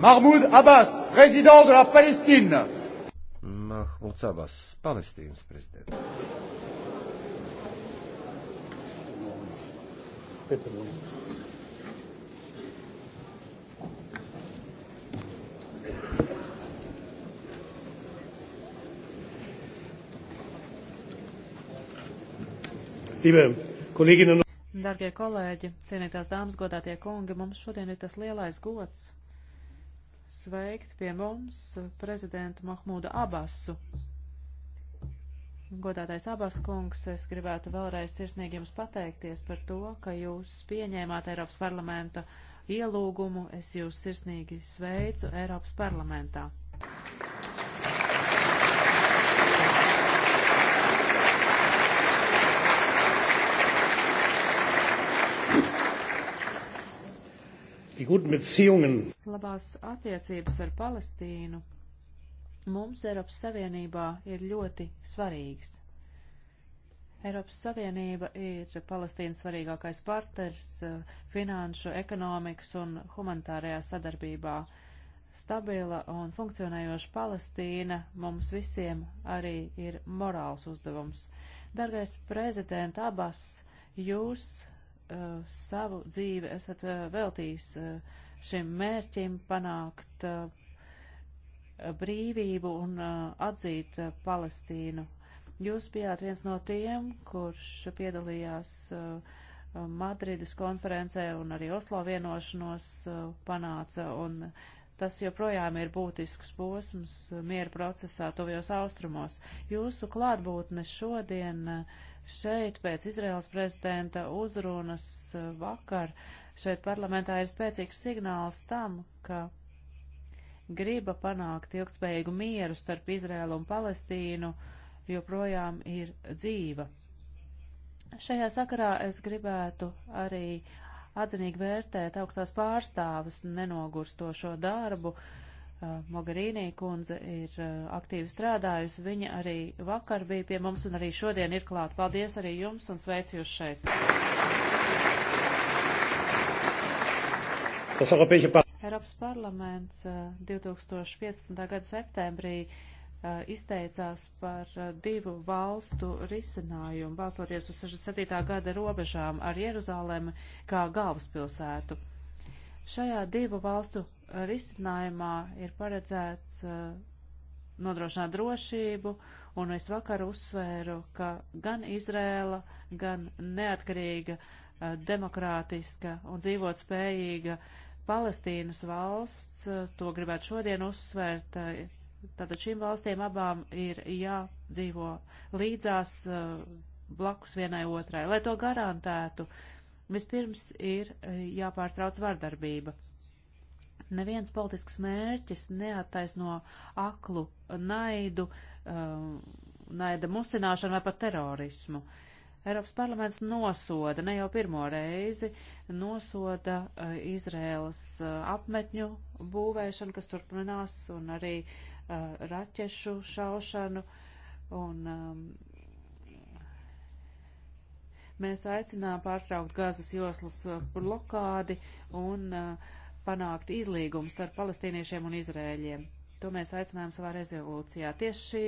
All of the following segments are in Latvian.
Mahmoud Abbas, président de la Palestine. Mahmoud Abbas, Palestīnas prezidents. Darbie kolēģi, cienītās dāmas, godātie kungi, mums šodien ir tas lielais gods sveikt pie mums prezidentu Mahmūdu Abasu. Godātais Abas kungs, es gribētu vēlreiz sirsnīgi jums pateikties par to, ka jūs pieņēmāt Eiropas parlamenta ielūgumu. Es jūs sirsnīgi sveicu Eiropas parlamentā. Labās attiecības ar Palestīnu mums Eiropas Savienībā ir ļoti svarīgas. Eiropas Savienība ir Palestīnas svarīgākais partners eh, finanšu, ekonomikas un humanitārajā sadarbībā. Stabila un funkcionējoša Palestīna mums visiem arī ir morāls uzdevums. Dargais prezident Abas, jūs uh, savu dzīvi esat uh, veltījis uh, šim mērķim panākt uh, brīvību un uh, atzīt uh, Palestīnu. Jūs bijāt viens no tiem, kurš piedalījās uh, Madrides konferencē un arī Oslo vienošanos uh, panāca, un Tas joprojām ir būtisks posms uh, miera procesā tuvajos austrumos. Jūsu klātbūtne šodien uh, šeit pēc Izraels prezidenta uzrunas uh, vakar šeit parlamentā ir spēcīgs signāls tam, ka griba panākt ilgspējīgu mieru starp Izraelu un Palestīnu joprojām ir dzīva. Šajā sakarā es gribētu arī atzinīgi vērtēt augstās pārstāvis nenogurstošo darbu. Uh, Mogarīnī kundze ir uh, aktīvi strādājusi, viņa arī vakar bija pie mums un arī šodien ir klāt. Paldies arī jums un sveicu jūs šeit! Eiropas parlaments 2015. Uh, gada septembrī Eh, izteicās par eh, divu valstu risinājumu, balstoties uz 67. gada robežām ar Jeruzālēmu kā galvaspilsētu. Šajā divu valstu eh, risinājumā ir paredzēts nodrošināt drošību, un es vakar uzsvēru, ka gan Izrēla, gan neatkarīga, demokrātiska un dzīvot spējīga Palestīnas valsts, to gribētu šodien uzsvērt, Tātad šīm valstīm abām ir jādzīvo līdzās eh, blakus vienai otrai. Lai to garantētu, vispirms ir eh, jāpārtrauc vardarbība. Neviens politisks mērķis neattaisno aklu naidu, eh, naida musināšanu vai pat terorismu. Eiropas parlaments nosoda ne jau pirmo reizi, nosoda Izrēlas apmetņu būvēšanu, kas turpinās, un arī uh, Uh, raķešu šaušanu. Un, um, mēs aicinām pārtraukt gazas joslas uh, blokādi un uh, panākt izlīgumu starp palestīniešiem un izrēļiem. To mēs aicinājām savā rezolūcijā. Tieši šī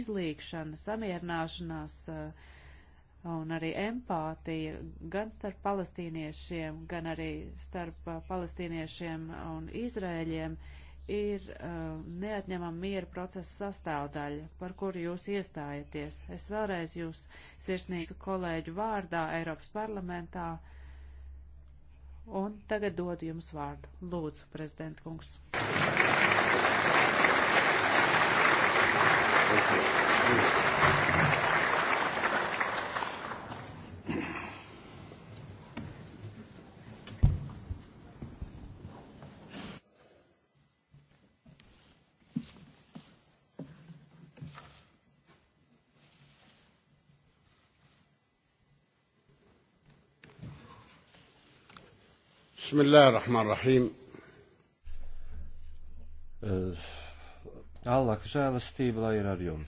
izlīgšana, samierināšanās uh, un arī empātija gan starp palestīniešiem, gan arī starp uh, palestīniešiem un izrēļiem uh, ir uh, neatņemama miera procesa sastāvdaļa, par kuru jūs iestājaties. Es vēlreiz jūs sirsnīgu kolēģu vārdā Eiropas parlamentā un tagad dodu jums vārdu. Lūdzu, prezidentkungs. بسم الله الرحمن الرحيم Allāka žēlastība lai ir ar jums.